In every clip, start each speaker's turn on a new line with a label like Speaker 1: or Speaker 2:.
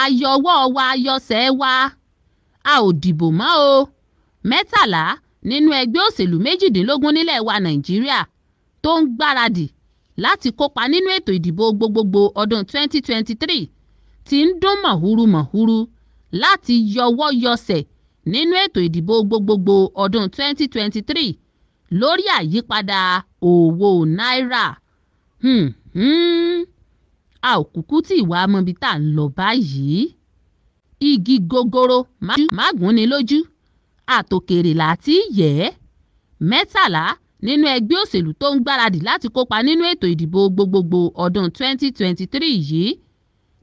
Speaker 1: àyọwọ́ wa àyọsẹ̀ wa a ò dìbò mọ́ o mẹ́tàlá nínú ẹgbẹ́ òṣèlú méjìdínlógún nílẹ̀ wa nàìjíríà tó ń gbáradì láti kópa nínú ètò ìdìbò gbogbogbò ọdún 2023 ti ń dún mọ̀húrúmọ̀húrú láti yọwọ́ yọsẹ̀ nínú ètò ìdìbò gbogbogbò ọdún 2023 lórí àyípadà owó náírà. Hmm, hmm. a ò kúkú tí ìwà amọ̀bi tá à ń lọ báyìí igi gogoro mágúnni lójú àtòkèrè láti yẹ̀ ẹ́ mẹ́tàlá nínú ẹgbẹ́ òṣèlú tó ń gbáradì láti kópa nínú ètò ìdìbò gbogbogbò ọdún 2023 yìí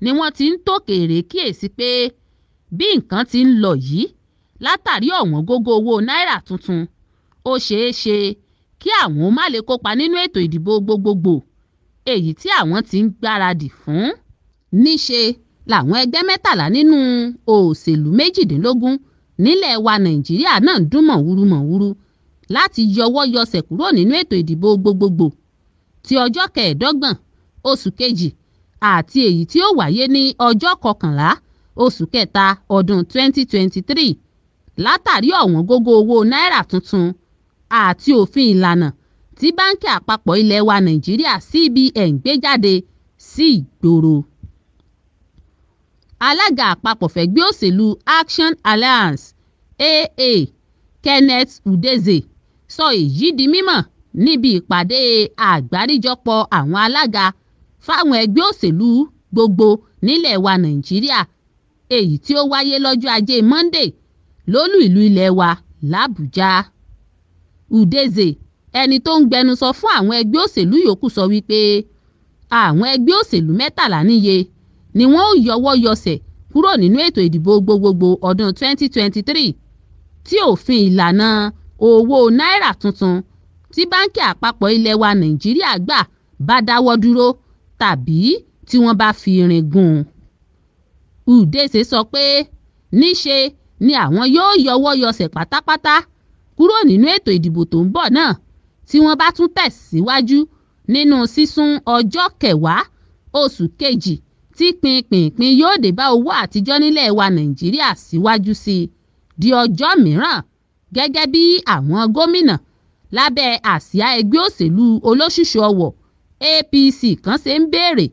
Speaker 1: ni wọ́n ti ń tòkèrè kíyèsí pé bí nǹkan ti ń lọ yìí látàrí ọ̀wọ́n gógó owó náírà tuntun ó ṣeé ṣe kí àwọn má lè kópa nínú ètò ìdìbò gbogbogbò èyí tí àwọn ti ń gbáradì fún níṣe làwọn ẹgbẹ́ mẹ́tàlá nínú òṣèlú méjìdínlógún nílẹ̀ wa nàìjíríà náà ń dún mọ̀wúrú mọ̀wúrú láti yọwọ́ yọsẹ̀ kúrò nínú ètò ìdìbò gbogbogbò ti ọjọ́ kẹẹ̀ẹ́dọ́gbọ̀n oṣù kejì àti èyí tí ó wáyé ní ọjọ́ kọkànlá oṣù kẹta ọdún 2023 látàrí ọ̀wọ́n gógó owó náírà tuntun àti òfin ìlànà tí báńkì àpapọ̀ ilẹ̀ wa nàìjíríà cbn gbé jáde sí ìgboro alága àpapọ̀ fẹ̀gbẹ́ òsèlú action alliance aa kenneth udeze sọ èyí di mímọ̀ níbi ìpàdé àgbáríjọpọ̀ àwọn alága fáwọn ẹgbẹ́ òsèlú gbogbo nílẹ̀ wa nàìjíríà èyí tí ó wáyé lọ́jọ́ ajé monday lólú ìlú ilẹ̀ wa làbújá udeze ẹni tó ń gbẹnusọ fún àwọn ẹgbẹ́ òṣèlú yòókù sọ wípé àwọn ẹgbẹ́ òṣèlú mẹ́tàlá níye ni wọ́n ó yọwọ́ yọsẹ̀ kúrò nínú ètò ìdìbò gbogbogbò ọdún 2023 tí òfin ìlànà owó náírà tuntun tí báńkì àpapọ̀ ilẹ̀ wa nàìjíríà gbà bá dáwọ́ dúró tàbí tí wọ́n bá fi irin gún un. udese sọ pé níṣe ni àwọn yóò yọwọ́ yọsẹ̀ pátápátá kúrò nínú ètò ìdìbò tó ń bọ̀ náà tí wọ́n bá tún tẹ̀síwájú nínú sísún ọjọ́ kẹwàá oṣù kejì tí pinpinpin yóò dé bá owó àtijọ́ nílẹ̀ wa nàìjíríà síwájú sí i di ọjọ́ mìíràn gẹ́gẹ́ bí àwọn gómìnà lábẹ́ àsíá ẹgbẹ́ òṣèlú olóṣùṣù ọwọ̀ APC kan ṣe ń béèrè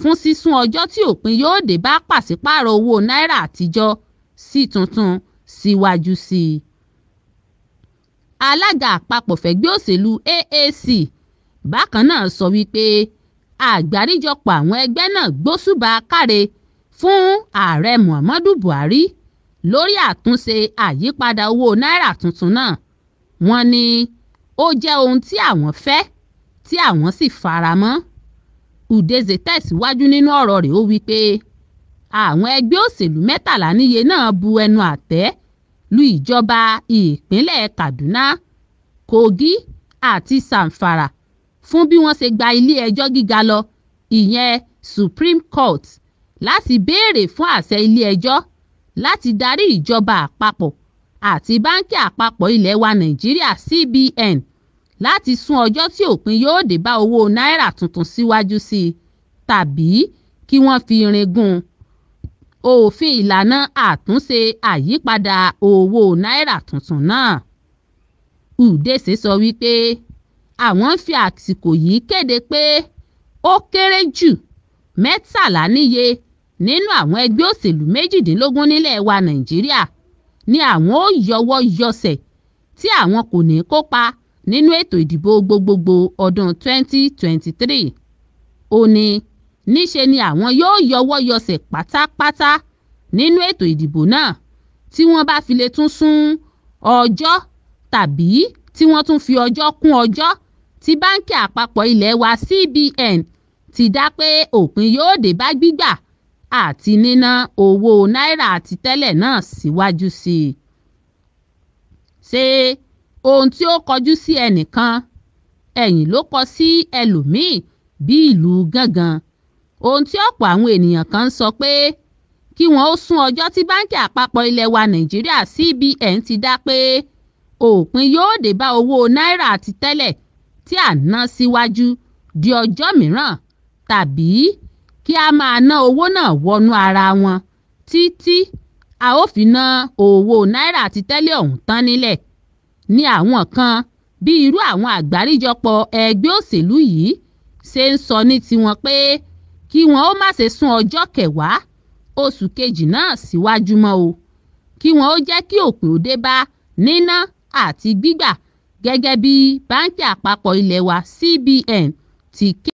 Speaker 1: fún sísún ọjọ́ tí òpin yóò dé bá pàṣípààrọ̀ owó náírà àtijọ́ sí tuntun síwájú sí i alága àpapọ̀ fẹ̀gbẹ́ òṣèlú AAC bákan náà sọ wípé àgbáríjọpọ̀ àwọn ẹgbẹ́ náà gbósùbà káre fún ààrẹ Muhammadu Buhari lórí àtúnṣe àyípadà owó náírà tuntun náà wọ́n ní ó jẹ́ ohun tí àwọn fẹ́ tí àwọn sì fara mọ́ Udeze tẹ̀síwájú nínú ọ̀rọ̀ rẹ̀ ó wí pé àwọn ẹgbẹ́ òṣèlú mẹ́tàlá níye náà bu ẹnu àtẹ́ lu ìjọba ìpínlẹ̀ kaduna kogi àti zamfara fún bí wọ́n ṣe gba ilé-ẹjọ́ gíga lọ ìyẹn supreme court láti béèrè fún àṣẹ ilé-ẹjọ́ láti darí ìjọba àpapọ̀ àti báńkì àpapọ̀ ilẹ̀ wa nàìjíríà cbn láti sún ọjọ́ tí òpin yóò dé bá owó náírà tuntun síwájú sí i tàbí kí wọ́n fi irin gún un òfin ìlànà àtúnṣe àyípadà owó náírà tuntun náà udese sọ wípé àwọn ń fi àsìkò yìí kéde pé ó kéré jù mẹ́tàlá níye nínú àwọn ẹgbẹ́ òṣèlú méjìdínlógún nílẹ̀ wa nàìjíríà ni àwọn ó yọwọ́ yọsẹ̀ tí àwọn kò ní kópa nínú ètò ìdìbò gbogbogbò ọdún 2023 ó ní níṣe ni àwọn yóò yọwọ́ yọsẹ̀ pátápátá nínú ètò ìdìbò náà tí wọ́n bá fi lè tún sún ọjọ́ tàbí tí wọ́n tún fi ọjọ́ kún ọjọ́ tí báńkì àpapọ̀ ilẹ̀ wa CBN ti dá pé òpin yóò dé bá gbígbà àti níná owó náírà àti tẹ́lẹ̀ náà síwájú sí i. ṣé ohun tí ó kọjú sí ẹnìkan ẹ̀yìn ló kọ sí ẹlòmíì bí ìlú gángan ohun tí ọ̀pọ̀ àwọn ènìyàn kan ń sọ pé kí wọ́n ó sún ọjọ́ tí báńkì àpapọ̀ ilẹ̀ wa nàìjíríà cbn ti dá pé òpin yóò dé bá owó náírà ti tẹ́lẹ̀ tí à ń ná síwájú di ọjọ́ mìíràn tàbí kí a máa ná owó náà wọnú ara wọn títí a ó fi ná owó náírà ti tẹ́lẹ̀ ọ̀hún tán nílẹ̀ ní àwọn kan bí irú àwọn àgbáríjọpọ̀ ẹgbẹ́ òṣèlú yìí ṣe ń sọ ní tiwọn pé kí wọn ó má ṣe sún ọjọ́ kẹwàá oṣù kejì náà síwájú mọ́ o kí wọn ó jẹ́ kí òpin ó bá níná àti gbígbà gẹ́gẹ́ bí báńkì àpapọ̀ ilé wa cbn ti ké